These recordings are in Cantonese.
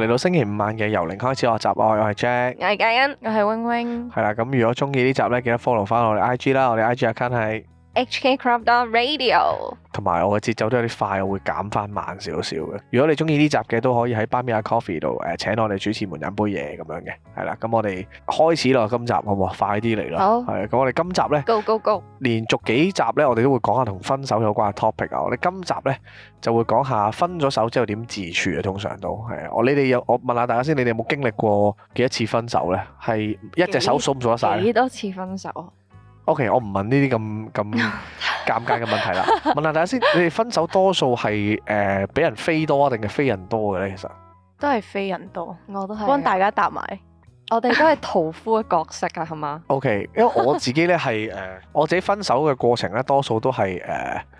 嚟到星期五晚嘅，由零開始學習愛，我係 Jack，can 我係嘉欣，我係 Wing Wing。係啦，咁如果鍾意呢集呢，記得 follow 返我哋 IG 啦，我哋 IG account 係，HK Crop Radio，同埋我嘅節奏都有啲快，我會減翻慢少少嘅。如果你中意呢集嘅，都可以喺 Buy Me a Coffee 度誒，請我哋主持們飲杯嘢咁樣嘅。係啦，咁我哋開始啦，今集好唔好？快啲嚟啦，好，係。咁我哋今集咧，Go Go Go，連續幾集咧，我哋都會講下同分手有關嘅 topic 啊。我哋今集咧就會講下分咗手之後點自處啊。通常都係啊。我你哋有我問下大家先，你哋有冇經歷過幾多次分手咧？係一隻手數唔數得晒幾多次分手啊？O.K. 我唔問呢啲咁咁尷尬嘅問題啦。 問下大家先，你哋分手多數係誒俾人飛多啊，定係飛人多嘅咧？其實都係飛人多，我都係。幫大家答埋， 我哋都係屠夫嘅角色啊，係嘛？O.K. 因為我自己咧係誒，我自己分手嘅過程咧，多數都係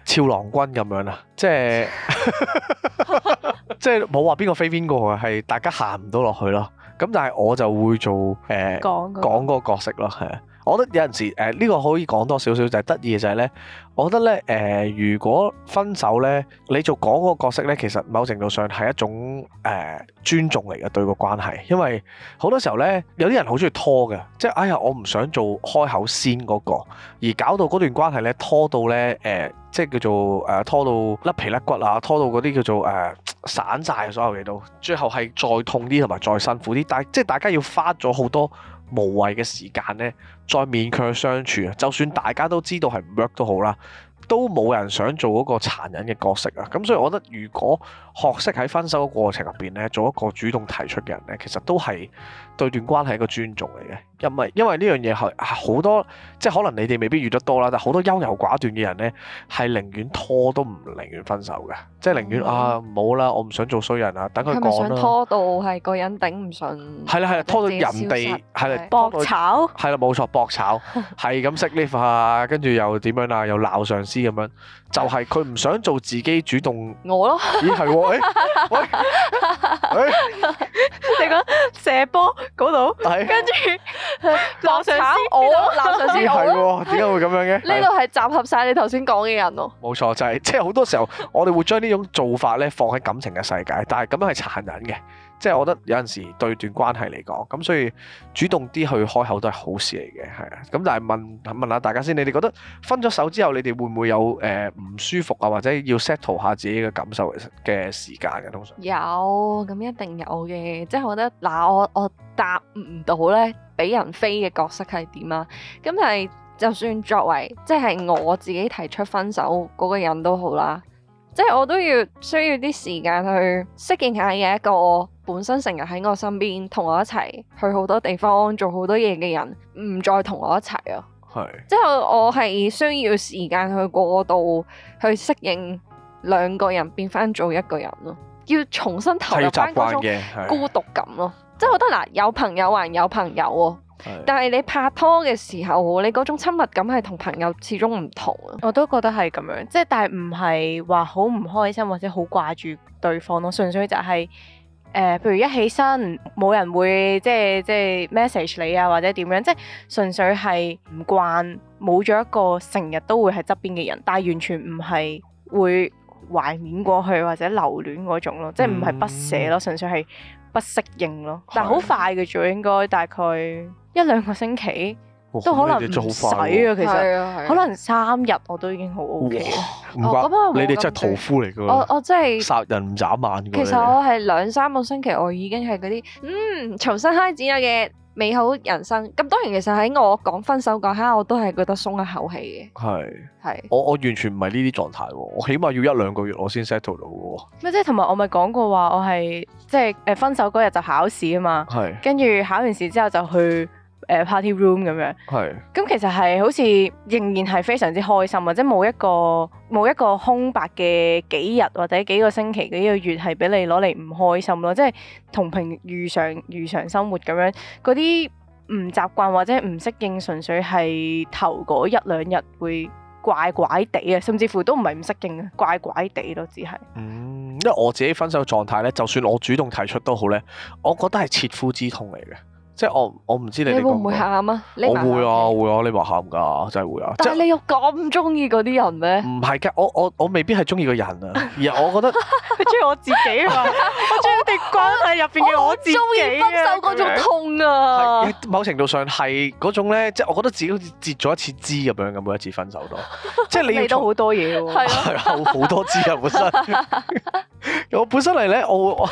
誒俏郎君咁樣啊，即係 即係冇話邊個飛邊個啊，係大家行唔到落去咯。咁但係我就會做誒講講嗰個角色咯，係我覺得有陣時，誒、呃、呢、這個可以講多少少就係得意嘅就係、是、呢。我覺得呢，誒、呃、如果分手呢，你做講嗰個角色呢，其實某程度上係一種誒、呃、尊重嚟嘅對個關係，因為好多時候呢，有啲人好鍾意拖嘅，即係哎呀我唔想做開口先嗰、那個，而搞到嗰段關係呢，拖到呢，誒、呃、即係叫做誒、呃、拖到甩皮甩骨啊，拖到嗰啲叫做誒、呃、散晒所有嘢都，最後係再痛啲同埋再辛苦啲，但即係大家要花咗好多。無謂嘅時間呢，再勉強相處啊！就算大家都知道係唔 work 都好啦，都冇人想做一個殘忍嘅角色啊！咁所以，我覺得如果學識喺分手嘅過程入邊呢，做一個主動提出嘅人呢，其實都係對段關係一個尊重嚟嘅。因為呢樣嘢係好多，即係可能你哋未必遇得多啦，但係好多優柔寡斷嘅人呢，係寧願拖都唔寧願分手嘅，即係寧願、嗯、啊，唔好啦，我唔想做衰人啊，等佢講啦。拖到係個人頂唔順。係啦係啦，拖到人哋係啦搏炒，係啦冇錯，搏炒，係咁 slip 下，跟住又點樣啊？又鬧上司咁樣。就係佢唔想做自己主動我咯，咦，係喎，哎，哎你講射波嗰度，跟住攬上先，上我攬上先，係喎、哎，點解會咁樣嘅？呢度係集合晒你頭先講嘅人咯，冇錯，就係即係好多時候，我哋會將呢種做法咧放喺感情嘅世界，但係咁樣係殘忍嘅。即係我覺得有陣時對段關係嚟講，咁所以主動啲去開口都係好事嚟嘅，係啊。咁但係問問下大家先，你哋覺得分咗手之後，你哋會唔會有誒唔、呃、舒服啊？或者要 settle 下自己嘅感受嘅時間嘅？通常有，咁一定有嘅。即係我覺得嗱，我我答唔到咧，俾人飛嘅角色係點啊？咁但係就算作為即係、就是、我自己提出分手嗰個人都好啦，即係我都要需要啲時間去適應下嘅一個。本身成日喺我身邊，同我一齊去好多地方，做好多嘢嘅人，唔再同我一齊啊，係是即係我係需要時間去過渡，去適應兩個人變翻做一個人咯。要重新投入翻嗰種孤獨感咯。即係覺得嗱，有朋友歸有朋友哦，是但係你拍拖嘅時候，你嗰種親密感係同朋友始終唔同啊。我都覺得係咁樣，即係但係唔係話好唔開心或者好掛住對方咯。純粹就係、是。誒、呃，譬如一起身，冇人會即係即係 message 你啊，或者點樣，即係純粹係唔慣，冇咗一個成日都會喺側邊嘅人，但係完全唔係會懷緬過去或者留戀嗰種咯，即係唔係不捨咯，純粹係不適應咯。但係好快嘅啫，應該大概一兩個星期。都可能唔快啊，其實可能三日我都已經好 OK。哇！唔怪你哋真係屠夫嚟嘅。我我真係殺人唔眨眼。其實我係兩三個星期，我已經係嗰啲嗯重新開始嘅美好人生。咁當然其實喺我講分手嗰刻，我都係覺得鬆一口氣嘅。係係，我我完全唔係呢啲狀態喎。我起碼要一兩個月我先 settle 到喎。咩即係同埋我咪講過話，我係即係誒分手嗰日就考試啊嘛。係。跟住考完試之後就去。誒、uh, party room 咁樣，係咁是其實係好似仍然係非常之開心，或者冇一個冇一個空白嘅幾日或者幾個星期嘅一個月係俾你攞嚟唔開心咯，即係同平日如常、如常生活咁樣嗰啲唔習慣或者唔適應，純粹係頭嗰一兩日會怪怪地啊，甚至乎都唔係唔適應啊，怪怪地咯，只係嗯，因為我自己分手狀態呢，就算我主動提出都好呢，我覺得係切膚之痛嚟嘅。即係我我唔知你哋會唔會喊啊？我會啊，會啊，你話喊噶，真係會啊！但係你有咁中意嗰啲人咩？唔係嘅，我我我未必係中意個人啊，而係我覺得佢中意我自己嘛，我中意啲關係入邊嘅我自己啊，分手嗰種痛啊，某程度上係嗰種咧，即係我覺得自己好似截咗一次枝咁樣咁，每一次分手都，即係你都好多嘢，係啊，好多枝啊，本身我本身嚟咧，我我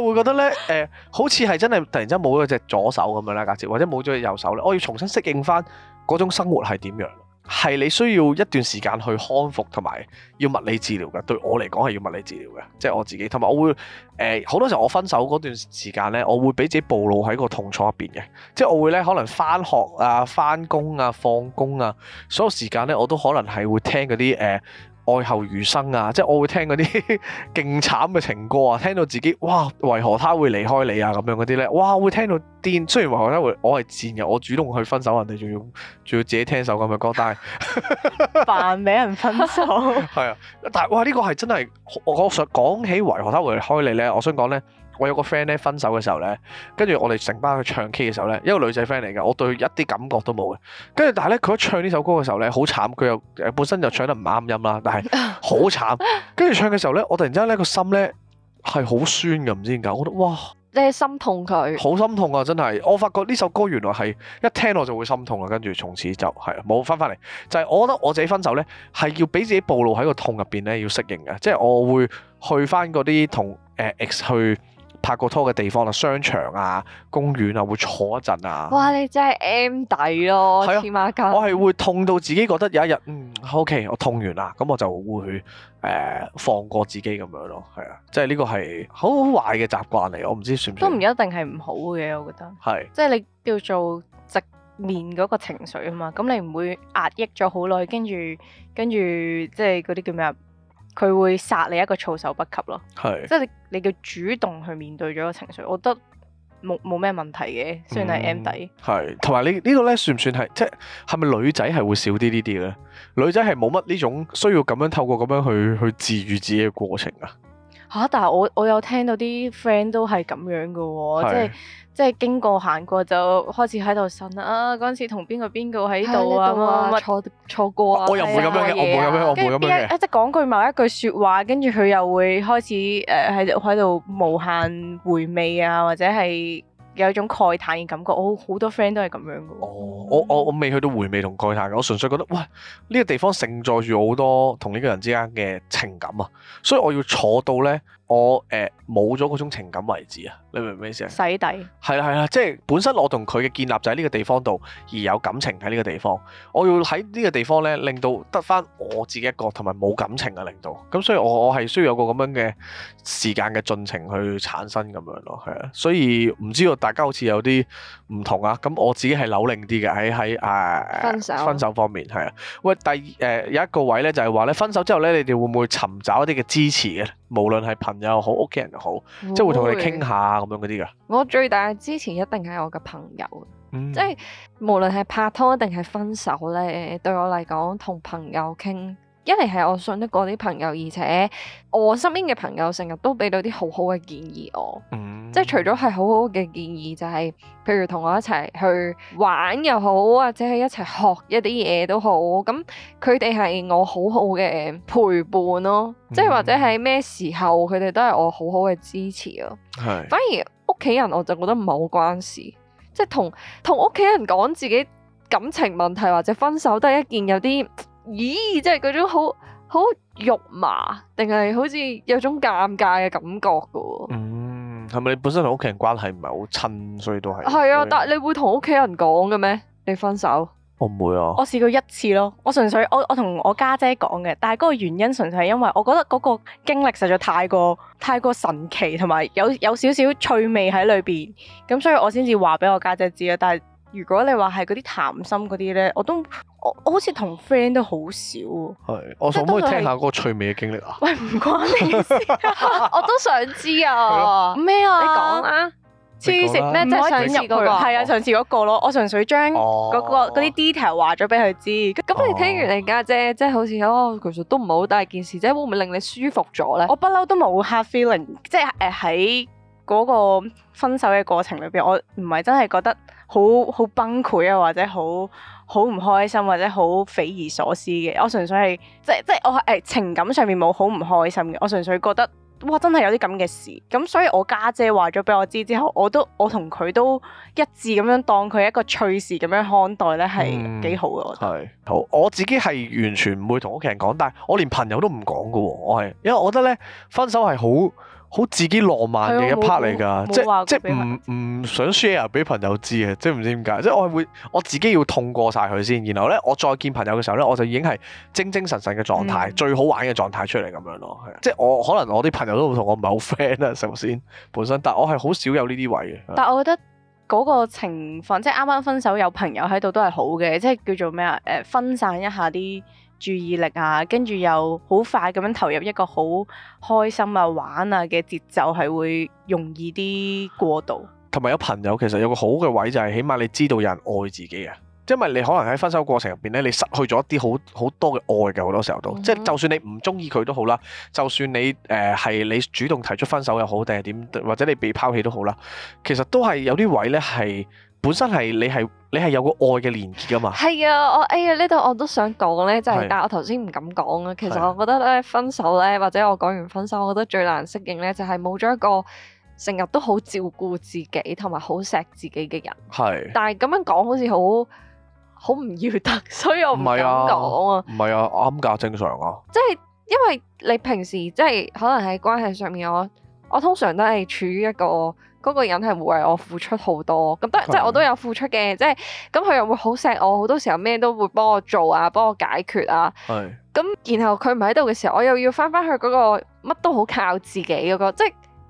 我會覺得咧，誒，好似係真係突然間冇咗隻，左手咁樣啦，或者或者冇咗右手咧，我要重新適應翻嗰種生活係點樣？係你需要一段時間去康復同埋要物理治療嘅，對我嚟講係要物理治療嘅，即係我自己。同埋我會誒好多時候，我分手嗰段時間咧，我會俾自己暴露喺個痛楚入邊嘅，即係我會咧可能翻學啊、翻工啊、放工啊，所有時間咧我都可能係會聽嗰啲誒。呃愛後餘生啊，即係我會聽嗰啲勁慘嘅情歌啊，聽到自己哇，為何他會離開你啊咁樣嗰啲呢？哇會聽到癲。雖然為何他會，我係賤嘅，我主動去分手人哋，仲要仲要自己聽首咁嘅歌，但係扮俾人分手。係 啊，但係哇，呢個係真係，我想講起為何他會離開你呢？我想講呢。我有個 friend 咧，分手嘅時候咧，跟住我哋成班去唱 K 嘅時候咧，一個女仔 friend 嚟嘅，我對佢一啲感覺都冇嘅。跟住但係咧，佢一唱呢首歌嘅時候咧，好慘，佢又誒本身就唱得唔啱音啦，但係好慘。跟住 唱嘅時候咧，我突然之間咧個心咧係好酸嘅，唔知點解，我覺得哇，你心痛佢，好心痛啊！真係，我發覺呢首歌原來係一聽落就會心痛啊。跟住從此就係冇翻翻嚟，就係、是、我覺得我自己分手咧，係要俾自己暴露喺個痛入邊咧，要適應嘅，即係我會去翻嗰啲同誒 X 去。拍過拖嘅地方啦，商場啊、公園啊，會坐一陣啊。哇！你真係 M 底咯，黐孖筋、啊、起碼我係會痛到自己覺得有一日，嗯，OK，我痛完啦，咁我就會誒、呃、放過自己咁樣咯，係啊，即係呢個係好好壞嘅習慣嚟，我唔知算唔算，都唔一定係唔好嘅，我覺得。係。即係你叫做直面嗰個情緒啊嘛，咁你唔會壓抑咗好耐，跟住跟住即係嗰啲叫咩啊？佢會殺你一個措手不及咯，係即係你叫主動去面對咗個情緒，我覺得冇冇咩問題嘅，雖然係 M 底，係，同埋你呢個咧算唔算係，即係係咪女仔係會少啲呢啲咧？女仔係冇乜呢種需要咁樣透過咁樣去去治癒自己嘅過程㗎。嚇、啊！但係我我有聽到啲 friend 都係咁樣嘅喎、哦是，即係即係經過行過就開始喺度呻啊！嗰陣時同邊個邊個喺度啊？錯錯過啊！我又唔會咁樣嘅，的我唔會咁樣，樣，、啊、樣，我唔會咁樣，在會樣即係講句某一句説話，跟住佢又會開始誒喺喺度無限回味啊，或者係。有一種慨嘆嘅感覺，我、哦、好多 friend 都係咁樣嘅。哦，我我我未去到回味同慨嘆嘅，我純粹覺得，喂，呢、呢個地方盛載住好多同呢個人之間嘅情感啊，所以我要坐到呢。我誒冇咗嗰種情感為止啊！你明唔明咩意思啊？洗底。係啦係啦，即係本身我同佢嘅建立就喺呢個地方度，而有感情喺呢個地方。我要喺呢個地方咧，令到得翻我自己一個，同埋冇感情嘅令到。咁所以，我我係需要有個咁樣嘅時間嘅進程去產生咁樣咯，係啊。所以唔知道大家好似有啲唔同啊。咁我自己係扭令啲嘅喺喺誒分手分手方面係啊。喂，第誒、呃、有一個位咧，就係話咧分手之後咧，你哋會唔會尋找一啲嘅支持嘅？無論係朋友朋友好，屋企人又好，會即係會同佢哋傾下咁樣嗰啲㗎。我最大嘅支持一定係我嘅朋友，嗯、即係無論係拍拖定係分手咧，對我嚟講同朋友傾。一嚟係我信得過啲朋友，而且我身邊嘅朋友成日都俾到啲好好嘅建議我，嗯、即係除咗係好好嘅建議，就係、是、譬如同我一齊去玩又好，或者係一齊學一啲嘢都好。咁佢哋係我好好嘅陪伴咯，嗯、即係或者喺咩時候佢哋都係我好好嘅支持咯。係是。反而屋企人我就覺得唔係好關事，即係同同屋企人講自己感情問題或者分手都係一件有啲。咦，即係嗰種好好肉麻，定係好似有種尷尬嘅感覺噶？嗯，係咪你本身同屋企人關係唔係好親，所以都係？係啊，所以但係你會同屋企人講嘅咩？你分手？我唔會啊！我試過一次咯，我純粹我我同我家姐講嘅，但係嗰個原因純粹係因為我覺得嗰個經歷實在太過太過神奇，同埋有有，有少少趣味喺裏邊，咁所以我先至話俾我家姐，姐，姐知啊。但係如果你話係嗰啲談心嗰啲咧，我都。我好似同 friend 都好少啊。係，我想唔可以聽下嗰個趣味嘅經歷啊？喂，唔關你事啊， 我都想知啊。咩啊？你講啊？黐綫咩？即係上次嗰個，係啊，上次嗰個咯。我純粹將嗰啲 detail 話咗俾佢知。咁你聽完你家姐，即係好似哦，其實都唔係好大件事，即係會唔會令你舒服咗咧？我不嬲都冇 hard feeling，即係誒喺嗰個分手嘅過程裏邊，我唔係真係覺得好好崩潰啊，或者好。好唔開心或者好匪夷所思嘅，我純粹係即即我係、呃、情感上面冇好唔開心嘅，我純粹覺得，哇真係有啲咁嘅事，咁所以我家姐話咗俾我知之後，我都我同佢都一致咁樣當佢一個趣事咁樣看待呢，係幾好嘅。我覺得，係、嗯、好我自己係完全唔會同屋企人講，但係我連朋友都唔講㗎喎，我係因為我覺得呢，分手係好。好自己浪漫嘅一 part 嚟噶，沒即係即係唔唔想 share 俾朋友知啊，即係唔知點解，即係我係會我自己要痛過晒佢先，然後咧我再見朋友嘅時候咧，我就已經係精精神神嘅狀態，嗯、最好玩嘅狀態出嚟咁樣咯，即係我可能我啲朋友都會同我唔係好 friend 啦，首先本身，但係我係好少有呢啲位嘅。但係我覺得嗰個情況，即係啱啱分手有朋友喺度都係好嘅，即係叫做咩啊？誒、呃，分散一下啲注意力啊，跟住又好快咁樣投入一個好開心啊、玩啊嘅節奏，係會容易啲過渡。同埋有朋友，其實有個好嘅位就係，起碼你知道有人愛自己啊，因為你可能喺分手過程入邊咧，你失去咗一啲好好多嘅愛嘅，好多時候都即係、嗯哼，就算你唔中意佢都好啦，就算你誒係你主動提出分手又好，定係點，或者你被拋棄都好啦，其實都係有啲位咧係。本身係你係你係有個愛嘅連結噶嘛？係啊，我哎呀呢度我都想講咧、就是，就係是但係我頭先唔敢講啊。其實我覺得咧分手咧，是或者我講完分手，我覺得最難適應咧，就係冇咗一個成日都好照顧自己同埋好錫自己嘅人。係是。但係咁樣講好似好好唔要得，所以我唔係啊講啊，唔係啊啱噶正常啊。即係因為你平時即係、就是、可能喺關係上面我，我我通常都係處於一個。嗰個人係會為我付出好多，咁都即係我都有付出嘅，是的 即係咁佢又會好錫我，好多時候咩都會幫我做啊，幫我解決啊。咁是的 然後佢唔喺度嘅時候，我又要翻翻去嗰個乜都好靠自己嗰個，即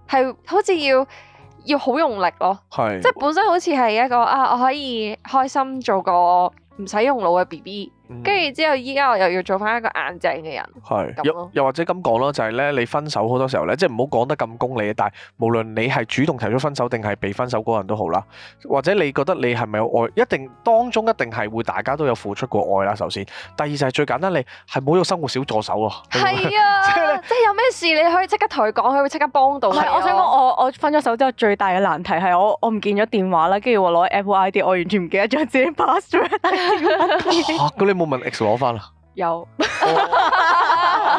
係好似要要好用力咯。係是的 即係本身好似係一個啊，我可以開心做個唔使用腦嘅 BB。跟住之後，依家我又要做翻一個硬淨嘅人。係是又或者咁講咯，就係咧，你分手好多時候咧，即係唔好講得咁功利。啊。但係無論你係主動提出分手定係被分手嗰人都好啦，或者你覺得你係咪有愛？一定當中一定係會大家都有付出過愛啦。首先，第二就係最簡單，你係冇咗生活小助手啊。係啊， 即係有咩事你可以即刻同佢講，佢會即刻幫到你。係，我想講我我分咗手之後最大嘅難題係我我唔見咗電話啦，跟住我攞 Apple ID，我完全唔記得咗自己 password moment X 攞翻啦，有，好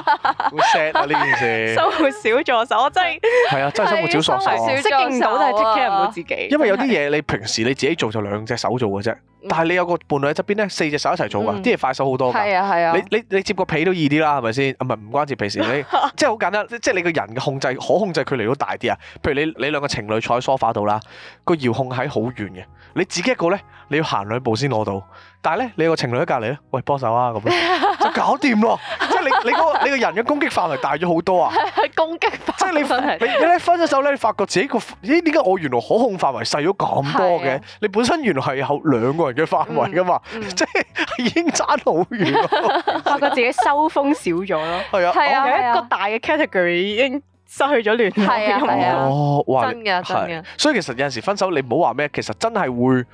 sad 啊呢件事，生活 小助手，真係，係啊， 真係生活小助手，即係 take care 唔到自己！因為有啲嘢你平時你自己做就兩隻手做嘅啫。 但係你有個伴侶喺側邊咧，四隻手一齊做㗎，啲嘢、嗯、快手好多㗎。啊係啊。啊你你你接個被都易啲啦，係咪先？唔係唔關接被事，你 即係好簡單，即係你個人嘅控制可控制距離都大啲啊。譬如你你兩個情侶坐喺梳化度啦，個遙控喺好遠嘅，你自己一個咧，你要行兩步先攞到。但係咧、啊 那個，你個情侶喺隔籬喂幫手啊咁樣，就搞掂咯。即係你你個你個人嘅攻擊範圍大咗好多啊！ 攻擊範即係你你咧分咗手咧，你發覺自己個咦點解我原來可控範，範圍細咗咁多嘅？啊、你本身原來係有兩個人。嘅範圍噶嘛，即係、嗯、已經差好遠咯。發覺自己收風少咗咯。係啊，我有、啊哦啊、一個大嘅 category 已經失去咗聯繫。係啊，哦、嗯，啊，真嘅，真，啊，真啊。所以其實有陣時分手，你唔好話咩，其實真係會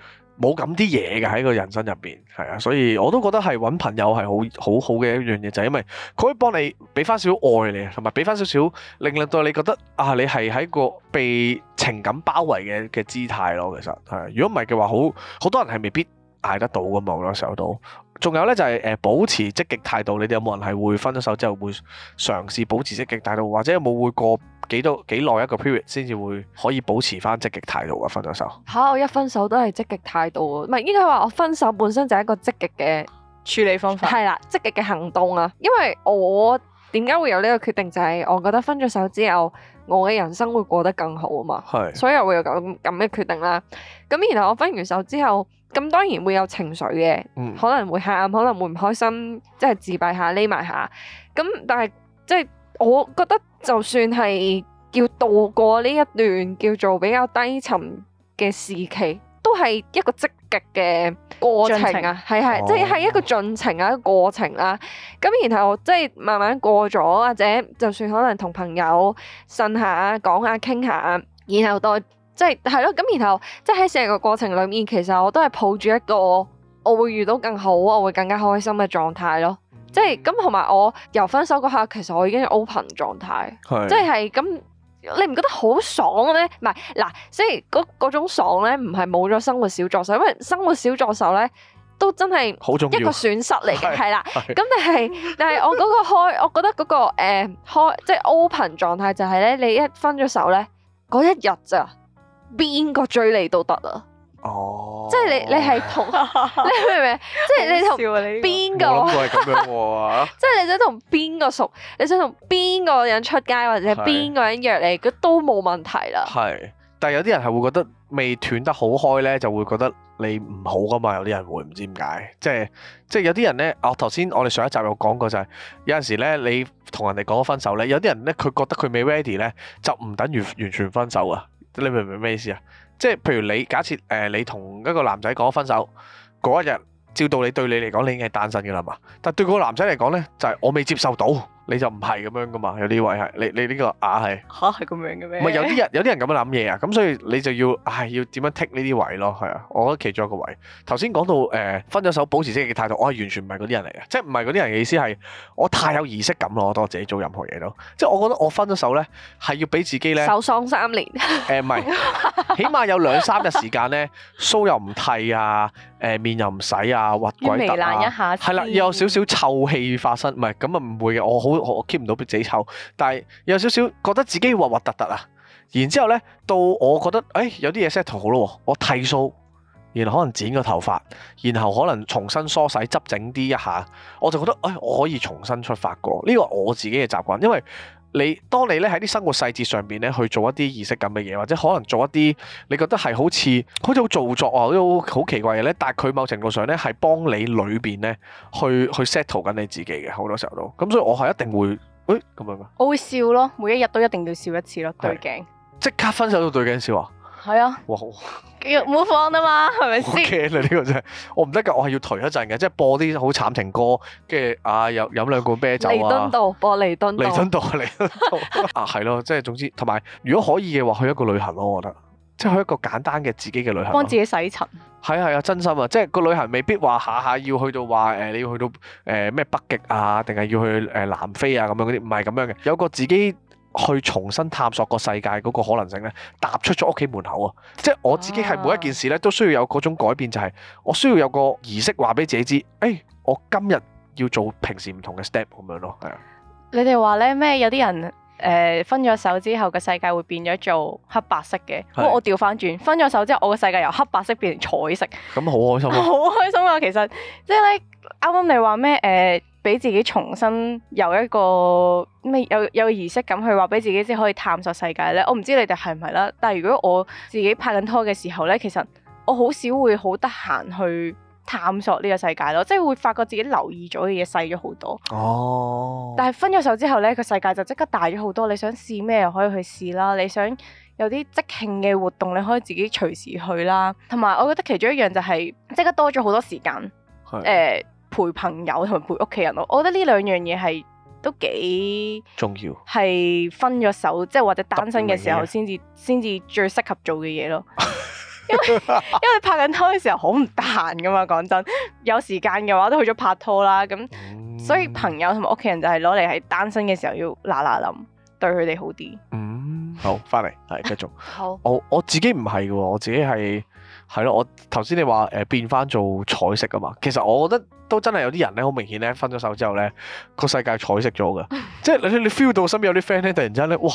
冇咁啲嘢嘅喺個人生入邊。係啊，所以我都覺得係搵朋友係好好好嘅一樣嘢，就係、是、因為佢可以幫你俾翻少少愛你，同埋俾翻少少令令到你覺得啊，你係喺個被。情感包圍嘅嘅姿態咯，其實係如果唔係嘅話，好好多人係未必捱得到噶嘛，好多時候都。仲有咧就係、是、誒、呃、保持積極態度，你哋有冇人係會分咗手之後會嘗試保持積極態度，或者有冇會過幾多幾耐一個 period 先至會可以保持翻積極態度啊？分咗手吓，我一分手都係積極態度啊，唔係應該話我分手本身就係一個積極嘅處理方法，係啦，積極嘅行動啊，因為我點解會有呢個決定就係、是、我覺得分咗手之後。我嘅人生會過得更好啊嘛，係，所以我會有咁咁嘅決定啦。咁然後我分完手之後，咁當然會有情緒嘅、嗯，可能會喊，可能會唔開心，即、就、係、是、自閉下，匿埋下。咁但係即係我覺得就算係叫度過呢一段叫做比較低沉嘅時期，都係一個積極嘅。過程啊，係係，即係一個進程啊，一個過程啦。咁然後即係慢慢過咗，或者就算可能同朋友呻下、講下、傾下，然後再即係係咯。咁然後即係喺成個過程裏面，其實我都係抱住一個我會遇到更好，我會更加開心嘅狀態咯。Mm. 即係咁，同埋我由分手嗰刻，其實我已經 open 狀態，是即係咁。你唔覺得好爽嘅咩？唔係嗱，所以嗰嗰種爽咧，唔係冇咗生活小助手，因為生活小助手咧都真係好重要一個損失嚟嘅，係啦。咁了但係但係我嗰個開， 我覺得嗰、嗰個誒、呃、開，即、就、係、是、open 狀態就係咧，你一分咗手咧，嗰一日咋邊個追你都得啦。哦即，即係你你係同你明唔明？即係你同邊 這個誰？我諗都係咁樣喎、啊。 即係你想同邊個熟？你想同邊個人出街，或者邊個人約你，是 都冇問題啦。係，但係有啲人係會覺得未斷得好開咧，就會覺得你唔好噶嘛。有啲人會唔知點解？即係即係有啲人咧，啊、我頭先我哋上一集有講過就係、是，有陣時咧你同人哋講分手咧，有啲人咧佢覺得佢未 ready 咧，就唔等於完全分手啊。你明唔明咩意思啊？即係譬如你假設誒、呃、你同一個男仔講分手嗰一日，照道理對你嚟講，你已經係單身嘅啦嘛。但對嗰個男仔嚟講咧，就係、是、我未接受到。你就唔係咁樣噶嘛？有啲位係你你呢、這個眼係嚇係咁樣嘅咩？唔係，有啲人有啲人咁樣諗嘢啊！咁所以你就要唉、哎、要點樣剔呢啲位咯？係啊，我覺得其中一個位頭先講到誒、呃、分咗手保持積極態度，我係完全唔係嗰啲人嚟嘅，即係唔係嗰啲人嘅意思係我太有儀式感咯，我當我自己做任何嘢都即係我覺得我分咗手咧係要俾自己咧守喪三年誒、呃，唔係 起碼有兩三日時間咧，鬚又唔剃啊，誒、呃、面又唔洗啊，滑鬼、啊。要微難一下，係啦，有少少臭氣發生，唔係咁啊，唔會嘅，我好。我 keep 唔到自己臭，但係有少少覺得自己核核突突啊。然之後呢，到我覺得誒、哎，有啲嘢 set 好咯，我剃鬚，然後可能剪個頭髮，然後可能重新梳洗執整啲一,一下，我就覺得誒、哎，我可以重新出發、過。呢個我自己嘅習慣，因為。你當你咧喺啲生活細節上邊咧去做一啲儀式感嘅嘢，或者可能做一啲你覺得係好似好似好做作啊，好似好奇怪嘅咧。但係佢某程度上咧係幫你裏邊咧去去 settle 緊你自己嘅好多時候都。咁所以我係一定會誒咁、欸、樣嘅。我會笑咯，每一日都一定要笑一次咯，對鏡。即刻分手就對鏡笑啊！係啊，哇，好，唔好放啊嘛，係咪先？我驚啊呢個真係，我唔得噶，我係要頹一陣嘅，即係播啲好慘情歌，跟住啊，又飲兩罐啤酒啊，彌敦道，播彌敦，彌敦道啊，彌敦道啊，係咯，即係總之，同埋如果可以嘅話，去一個旅行咯，我覺得，即係去一個簡單嘅自己嘅旅行，幫自己洗塵。係啊係啊，真心啊，即係個旅行未必話下下要去到話誒、呃，你要去到誒咩、呃呃、北極啊，定係要去誒南非啊咁樣嗰啲，唔係咁樣嘅，有個自己。去重新探索個世界嗰個可能性咧，踏出咗屋企門口啊！即係我自己係每一件事咧，都需要有嗰種改變，啊、就係我需要有個儀式話俾自己知，哎，我今日要做平時唔同嘅 step 咁樣咯。係啊的，你哋話咧咩？有啲人誒、呃、分咗手之後嘅世界會變咗做黑白色嘅，的我我調翻轉，分咗手之後我嘅世界由黑白色變成彩色，咁好開心，啊，好開心啊！其實即係咧，啱啱你話咩誒？俾自己重新由一個咩有有儀式感去話俾自己先可以探索世界咧，我唔知你哋係唔係啦。但係如果我自己拍緊拖嘅時候咧，其實我好少會好得閒去探索呢個世界咯，即係會發覺自己留意咗嘅嘢細咗好多。哦！但係分咗手之後咧，個世界就即刻大咗好多。你想試咩又可以去試啦，你想有啲即興嘅活動，你可以自己隨時去啦。同埋，我覺得其中一樣就係即刻多咗好多時間。係誒。陪朋友同埋陪屋企人咯，我覺得呢兩樣嘢係都幾重要，係分咗手即係或者單身嘅時候先至先至最適合做嘅嘢咯 因。因為因為拍緊拖嘅時候好唔得閒㗎嘛，講真，有時間嘅話都去咗拍拖啦。咁、嗯、所以朋友同埋屋企人就係攞嚟喺單身嘅時候要嗱嗱臨對佢哋好啲。嗯好、啊，好，翻嚟係繼續。好，我我自己唔係嘅喎，我自己係係咯。我頭先你話誒變翻做彩色㗎嘛，其實我覺得。都真係有啲人咧，好明顯咧，分咗手之後咧，個世界彩色咗嘅， 即係你你 feel 到身邊有啲 friend 咧，突然之間咧，哇，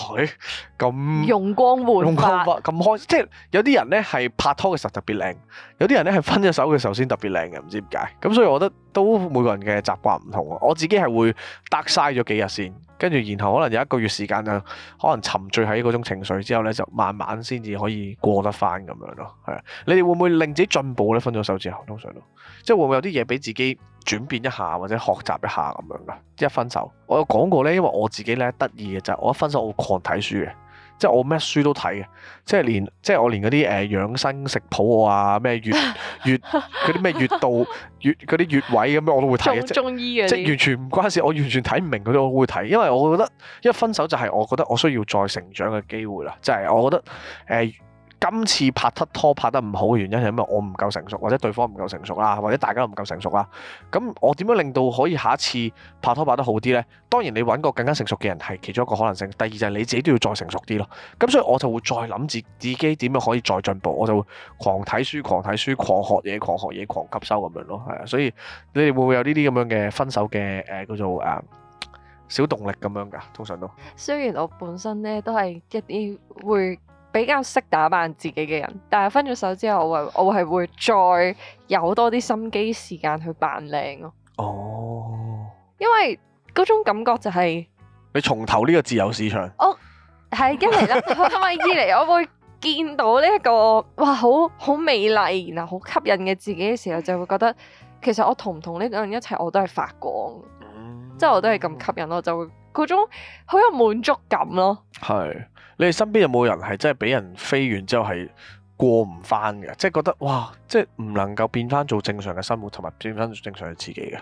咁容光煥發，咁開，即係有啲人咧係拍拖嘅時候特別靚，有啲人咧係分咗手嘅時候先特別靚嘅，唔知點解。咁所以，我覺得都每個人嘅習慣唔同。我自己係會得晒咗幾日先，跟住然後可能有一個月時間就可能沉醉喺嗰種情緒之後咧，就慢慢先至可以過得翻咁樣咯。係啊，你哋會唔會令自己進步咧？分咗手之後，通常都即係會唔會有啲嘢俾自己？轉變一下或者學習一下咁樣噶，一分手我有講過呢，因為我自己咧得意嘅就係、是、我一分手我狂睇書嘅，即、就、係、是、我咩書都睇嘅，即、就、係、是、連即係、就是、我連嗰啲誒養生食譜啊咩穴 穴嗰啲咩穴道穴啲穴位咁樣我都會睇嘅，即係、就是就是、完全唔關事，我完全睇唔明嗰啲我都會睇，因為我覺得一分手就係我覺得我需要再成長嘅機會啦，就係、是、我覺得誒。呃今次拍得拖，拖拍得唔好嘅原因係因為我唔夠成熟，或者對方唔夠成熟啦，或者大家都唔夠成熟啦。咁我點樣令到可以下一次拍拖拍得好啲咧？當然你揾個更加成熟嘅人係其中一個可能性。第二就係你自己都要再成熟啲咯。咁所以我就會再諗自自己點樣可以再進步。我就會狂睇書、狂睇書、狂學嘢、狂學嘢、狂吸收咁樣咯。係啊，所以你哋會唔會有呢啲咁樣嘅分手嘅誒、呃、叫做誒、啊、小動力咁樣㗎？通常都雖然我本身咧都係一啲會。比較識打扮自己嘅人，但係分咗手之後，我會我係會再有多啲心機時間去扮靚咯。哦，因為嗰種感覺就係、是、你從頭呢個自由市場，哦，係一嚟啦，同埋二嚟我會見到呢、這、一個哇好好美麗，然後好吸引嘅自己嘅時候，就會覺得其實我同唔同呢個人一齊我都係發光，即係、嗯、我都係咁吸引我就會。嗰種好有滿足感咯，係你哋身邊有冇人係真係俾人飛完之後係過唔翻嘅？即係覺得哇，即係唔能夠變翻做正常嘅生活，同埋變翻做正常嘅自己嘅？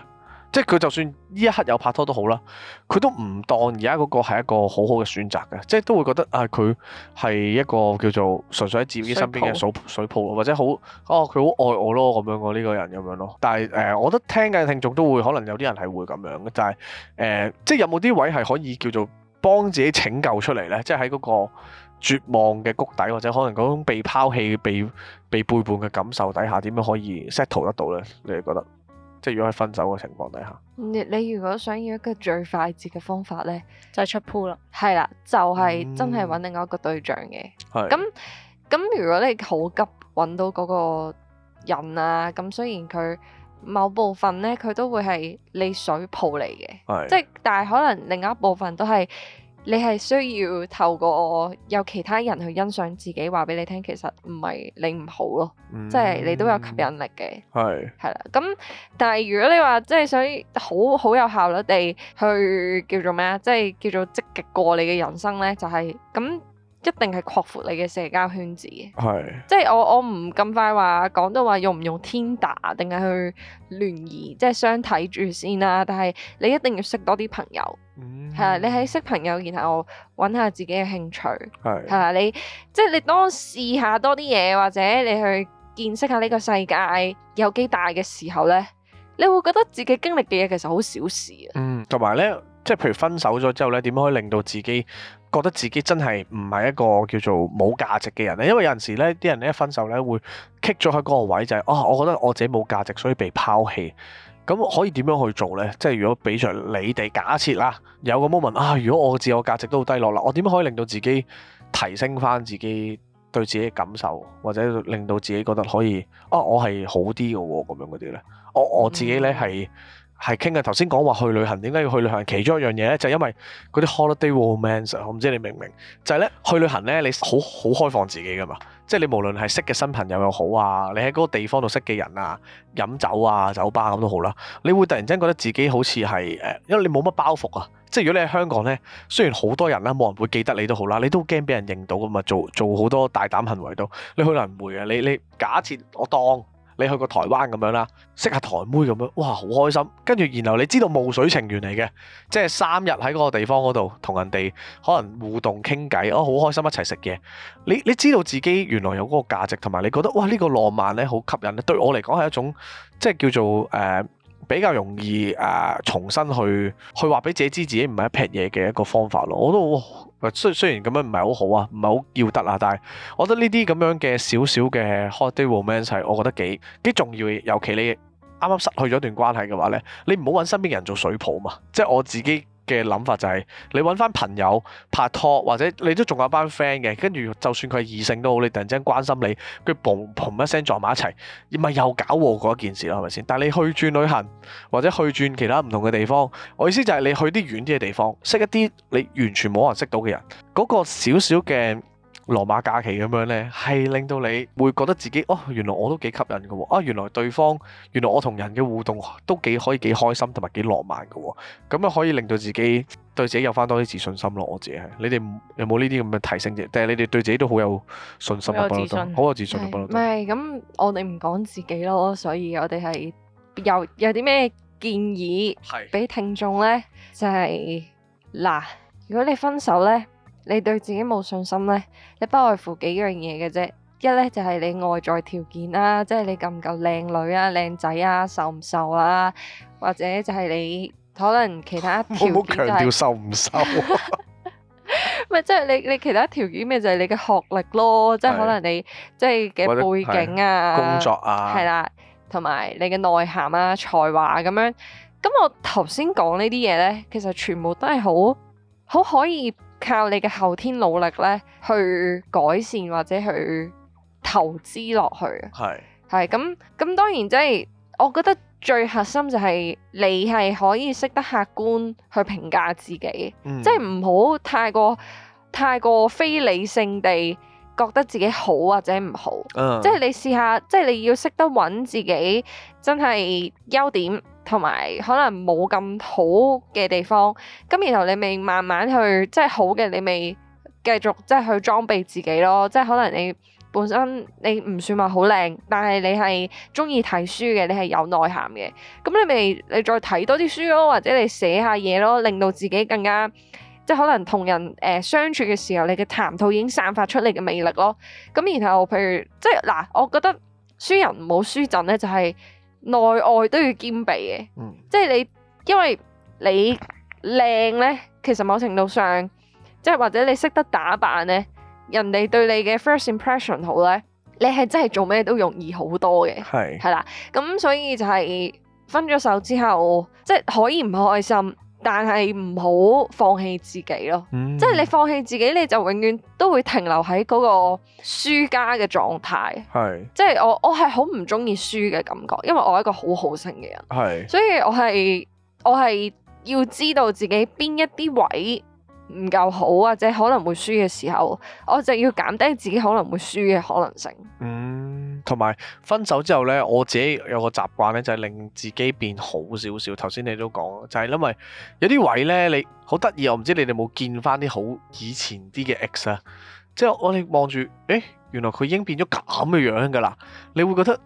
即係佢就算呢一刻有拍拖好都好啦，佢都唔當而家嗰個係一個好好嘅選擇嘅，即係都會覺得啊，佢係一個叫做純粹喺自己身邊嘅水水泡，水泡或者好哦，佢、啊、好愛我咯咁樣個呢、這個人咁樣咯。但係誒、呃，我覺得聽嘅聽眾都會可能有啲人係會咁樣，但係誒、呃，即係有冇啲位係可以叫做幫自己拯救出嚟呢？即係喺嗰個絕望嘅谷底，或者可能嗰種被拋棄、被被背叛嘅感受底下，點樣可以 settle 得到呢？你哋覺得？即係如果喺分手嘅情況底下你，你如果想要一個最快捷嘅方法咧，就係出 pool 啦，係啦，就係真係揾另外一個對象嘅。咁咁、嗯、如果你好急揾到嗰個人啊，咁雖然佢某部分呢，佢都會係你水泡嚟嘅，是即係但係可能另外一部分都係。你係需要透過有其他人去欣賞自己，話俾你聽，其實唔係你唔好咯，嗯、即係你都有吸引力嘅。係，係啦，咁但係如果你話即係想好好有效率地去叫做咩啊，即係叫做積極過你嘅人生咧，就係、係、咁。一定係擴闊你嘅社交圈子嘅，是即係我我唔咁快話講到話用唔用 Tinder 定係去聯誼，即係相睇住先啦。但係你一定要識多啲朋友，係啊、嗯，你喺識朋友，然後揾下自己嘅興趣，係係啊，你即係你嘗試下多啲嘢，或者你去見識下呢個世界有幾大嘅時候咧，你會覺得自己經歷嘅嘢其實好小事啊。嗯，同埋咧。即係譬如分手咗之後呢，點樣可以令到自己覺得自己真係唔係一個叫做冇價值嘅人咧？因為有陣時呢啲人咧，一分手呢，會棘咗喺嗰個位，就係啊，我覺得我自己冇價值，所以被拋棄。咁可以點樣去做呢？即係如果比着你哋假設啦，有個 moment 啊，如果我自我價值都好低落啦，我點樣可以令到自己提升翻自己對自己嘅感受，或者令到自己覺得可以啊，我係好啲嘅喎，咁樣嗰啲呢，我我自己呢係。係傾嘅，頭先講話去旅行，點解要去旅行？其中一樣嘢咧，就因為嗰啲 holiday romance，我唔知你明唔明？就係咧去旅行咧，你好好開放自己噶嘛，即係你無論係識嘅新朋友又好啊，你喺嗰個地方度識嘅人啊、飲酒啊、酒吧咁都好啦，你會突然間覺得自己好似係誒，因為你冇乜包袱啊，即係如果你喺香港咧，雖然好多人啦，冇人會記得你都好啦，你都驚俾人認到噶嘛，做做好多大膽行為都，你可能唔會啊，你你，你假設我當。你去個台灣咁樣啦，識下台妹咁樣，哇，好開心！跟住然後你知道霧水情緣嚟嘅，即係三日喺嗰個地方嗰度同人哋可能互動傾偈，啊、哦，好開心，一齊食嘢。你你知道自己原來有嗰個價值，同埋你覺得哇呢、呢個浪漫呢好吸引咧，對我嚟講係一種即係叫做誒、呃、比較容易誒、呃、重新去去話俾自己知自己唔係一劈嘢嘅一個方法咯，我都唔，雖雖然咁樣唔係好好啊，唔係好要得啊，但係我覺得呢啲咁樣嘅少少嘅 holiday romance 係，我覺得幾幾重要嘅。尤其你啱啱失去咗段關係嘅話咧，你唔好揾身邊嘅人做水泡啊嘛，即係我自己。嘅諗法就係你揾翻朋友拍拖，或者你都仲有班 friend 嘅，跟住就算佢係異性都好，你突然之間關心你，佢嘣嘣一聲撞埋一齊，咪又搞禍嗰一件事咯，係咪先？但係你去轉旅行或者去轉其他唔同嘅地方，我意思就係你去啲遠啲嘅地方，識一啲你完全冇可能識到嘅人，嗰、那個小小嘅。羅馬假期咁樣呢，係令到你會覺得自己哦，原來我都幾吸引㗎喎，啊，原來對方，原來我同人嘅互動都幾可以，幾開心同埋幾浪漫㗎喎，咁咪可以令到自己對自己有返多啲自信心咯。我自己係，你哋有冇呢啲咁嘅提升啫？定係你哋對自己都好有信心，好有自信，好有自信。唔係，咁我哋唔講自己咯，所以我哋係有有啲咩建議俾聽眾呢，就係嗱，如果你分手呢。你對自己冇信心呢，你不外乎幾樣嘢嘅啫。一呢就係你外在條件啦，即係你夠唔夠靚女啊、靚仔啊、瘦唔瘦啊，或者就係你可能其他條件就係瘦唔瘦啊。唔係即係你你其他條件咩？就係你嘅學歷咯，即係可能你即係嘅背景啊、工作啊，係啦，同埋你嘅內涵啊、才華咁樣。咁我頭先講呢啲嘢呢，其實全部都係好好可以。靠你嘅後天努力咧，去改善或者去投資落去。係係咁咁，當然即係，我覺得最核心就係你係可以識得客觀去評價自己，即係唔好太過太過非理性地覺得自己好或者唔好。即係、嗯、你試下，即係你要識得揾自己真係優點。同埋可能冇咁好嘅地方，咁然後你咪慢慢去，即係好嘅，你咪繼續即係去裝備自己咯。即係可能你本身你唔算話好靚，但係你係中意睇書嘅，你係有內涵嘅。咁你咪你再睇多啲書咯，或者你寫下嘢咯，令到自己更加即係可能同人誒、呃、相處嘅時候，你嘅談吐已經散發出嚟嘅魅力咯。咁、嗯、然後譬如即係嗱，我覺得輸人唔好輸陣咧，就係、是。內外都要兼備嘅，嗯，即係你，因為你靚咧，其實某程度上，即係或者你識得打扮咧，人哋對你嘅 first impression 好咧，你係真係做咩都容易好多嘅，係係啦，咁所以就係分咗手之後，即係可以唔開心。但係唔好放棄自己咯，嗯、即係你放棄自己，你就永遠都會停留喺嗰個輸家嘅狀態。係是，即係我我係好唔中意輸嘅感覺，因為我係一個好好勝嘅人。係是，所以我係我係要知道自己邊一啲位唔夠好，或者可能會輸嘅時候，我就要減低自己可能會輸嘅可能性。嗯。同埋分手之後咧，我自己有個習慣咧，就係、是、令自己變好少少。頭先你都講就係、是、因為有啲位咧，你好得意。我唔知你哋有冇見返啲好以前啲嘅 ex 啊，即、就、係、是、我哋望住，誒、欸、原來佢已經變咗咁嘅樣㗎啦，你會覺得，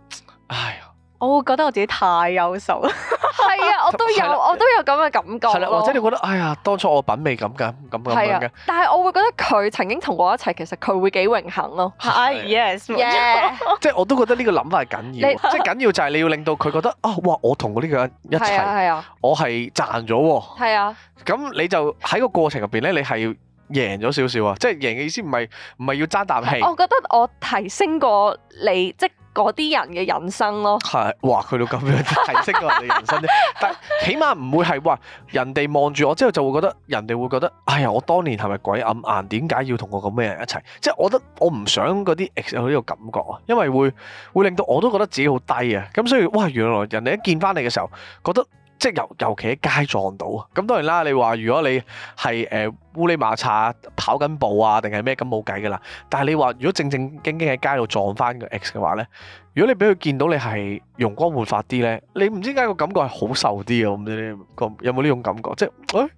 哎呀，我會覺得我自己太優秀啦，係啊。我都有，的我都有咁嘅感覺咯。或者、就是、你覺得，哎呀，當初我品味咁嘅，咁咁樣嘅。但係我會覺得佢曾經同我一齊，其實佢會幾榮幸咯。哎，yes，yeah。即係我都覺得呢個諗法係緊要，即係緊要就係你要令到佢覺得啊，哇！我同我呢個人一齊，我係賺咗喎。係啊的。咁你就喺個過程入邊咧，你係要贏咗少少啊！即、就、係、是、贏嘅意思唔係唔係要爭啖氣。我覺得我提升過你，即嗰啲人嘅人生咯，係話佢到咁樣提升人哋人，人生啫， 但起碼唔會係話人哋望住我之後就會覺得人哋會覺得，哎呀，我當年係咪鬼掩眼？點解要同我咁嘅人一齊？即係我覺得我唔想嗰啲有呢個感覺啊，因為會會令到我都覺得自己好低啊。咁所以，哇！原來人哋一見翻你嘅時候，覺得。即係尤尤其喺街撞到啊！咁當然啦，你話如果你係誒、呃、烏哩麻擦跑緊步啊，定係咩咁冇計㗎喇。但係你話如果正正經經喺街度撞返個 x 嘅話咧，如果你俾佢見到你係容光煥發啲咧，你唔知點解個感覺係好受啲啊。我唔知你有冇呢種感覺，即係誒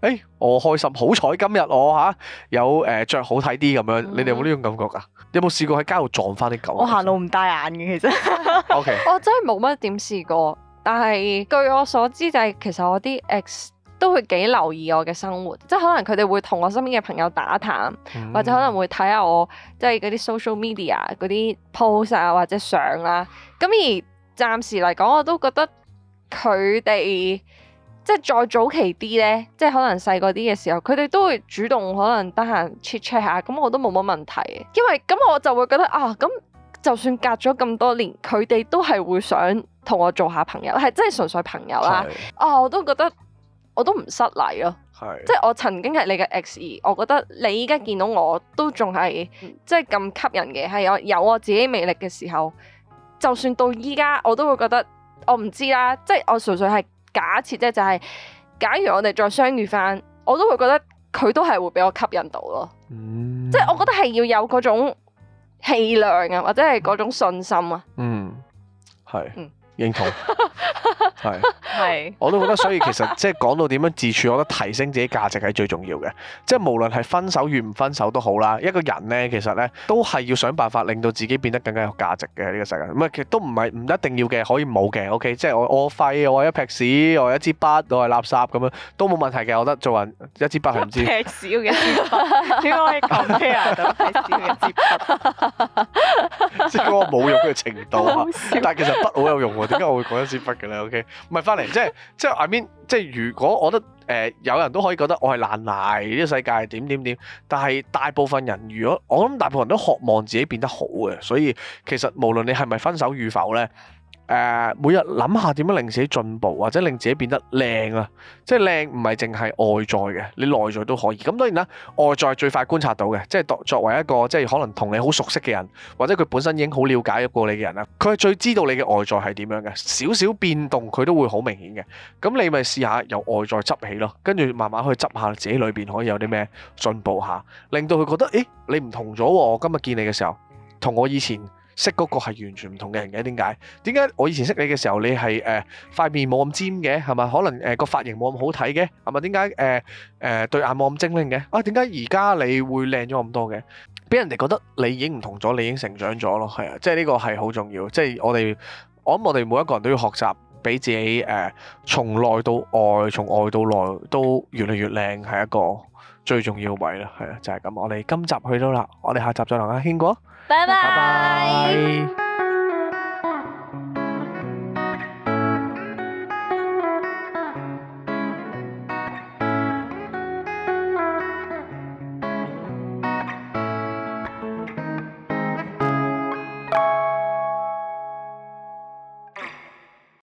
誒，我開心，好彩今日我嚇、啊、有誒著、呃、好睇啲咁樣。你哋有冇呢種感覺㗎、啊？嗯、有冇試過喺街度撞返啲狗？我行路唔帶眼嘅，其實 Okay. 我真係冇乜點試過。但係據我所知，就係其實我啲 ex 都會幾留意我嘅生活，即係可能佢哋會同我身邊嘅朋友打探，嗯、或者可能會睇下我即係嗰啲 social media 嗰啲 post 啊或者相啦、啊。咁而暫時嚟講，我都覺得佢哋即係再早期啲咧，即係可能細個啲嘅時候，佢哋都會主動可能得閒 check check 下。咁我都冇乜問題，因為咁我就會覺得啊咁。就算隔咗咁多年，佢哋都係會想同我做下朋友，係真係純粹朋友啦。哦是、啊，我都覺得我都唔失禮咯。是即係我曾經係你嘅 ex，我覺得你依家見到我都仲係即係咁吸引嘅，係我有我自己魅力嘅時候，就算到依家，我都會覺得我唔知啦。即係我純粹係假設，即係就係、是、假如我哋再相遇翻，我都會覺得佢都係會俾我吸引到咯。嗯、即係我覺得係要有嗰種。氣量啊，或者係嗰種信心啊，嗯，係。嗯。 認同係係， 是 我都覺得，所以其實即係講到點樣自處，我覺得提升自己價值係最重要嘅。即係無論係分手與唔分手都好啦，一個人咧其實咧都係要想辦法令到自己變得更加有價值嘅呢個世界。唔係其實都唔係唔一定要嘅，可以冇嘅。O K，即係我我廢，我一撇屎，我一支筆，我係垃圾咁樣都冇問題嘅。我覺得做人一支筆係唔知，嘅 點可以 O K 即係我冇用嘅程度。啊、但係其實筆好有用點解我會講一支筆嘅咧？OK，唔係翻嚟，即係即係 I mean，即係如果我覺得誒有人都可以覺得我係爛泥，呢、這個世界點點點，但係大部分人如果我諗大部分人都渴望自己變得好嘅，所以其實無論你係咪分手與否咧。誒、呃，每日諗下點樣令自己進步，或者令自己變得靚啊！即係靚唔係淨係外在嘅，你內在都可以。咁當然啦，外在最快觀察到嘅，即係作作為一個即係可能同你好熟悉嘅人，或者佢本身已經好了解過你嘅人啦，佢係最知道你嘅外在係點樣嘅，少少變動佢都會好明顯嘅。咁你咪試下由外在執起咯，跟住慢慢去執下自己裏邊可以有啲咩進步下，令到佢覺得誒、欸、你唔同咗喎、啊！我今日見你嘅時候，同我以前，識嗰個係完全唔同嘅人嘅，點解？點解我以前識你嘅時候，你係誒塊面冇咁尖嘅，係咪？可能誒個髮型冇咁好睇嘅，係咪？點解誒誒對眼冇咁精靈嘅？啊，點解而家你會靚咗咁多嘅？俾人哋覺得你已經唔同咗，你已經成長咗咯，係啊，即係呢個係好重要，即係我哋，我諗我哋每一個人都要學習，俾自己誒從內到外，從外到內都越嚟越靚，係一個最重要嘅位啦，係啊，就係咁，我哋今集去到啦，我哋下集再同大家傾過。拜拜。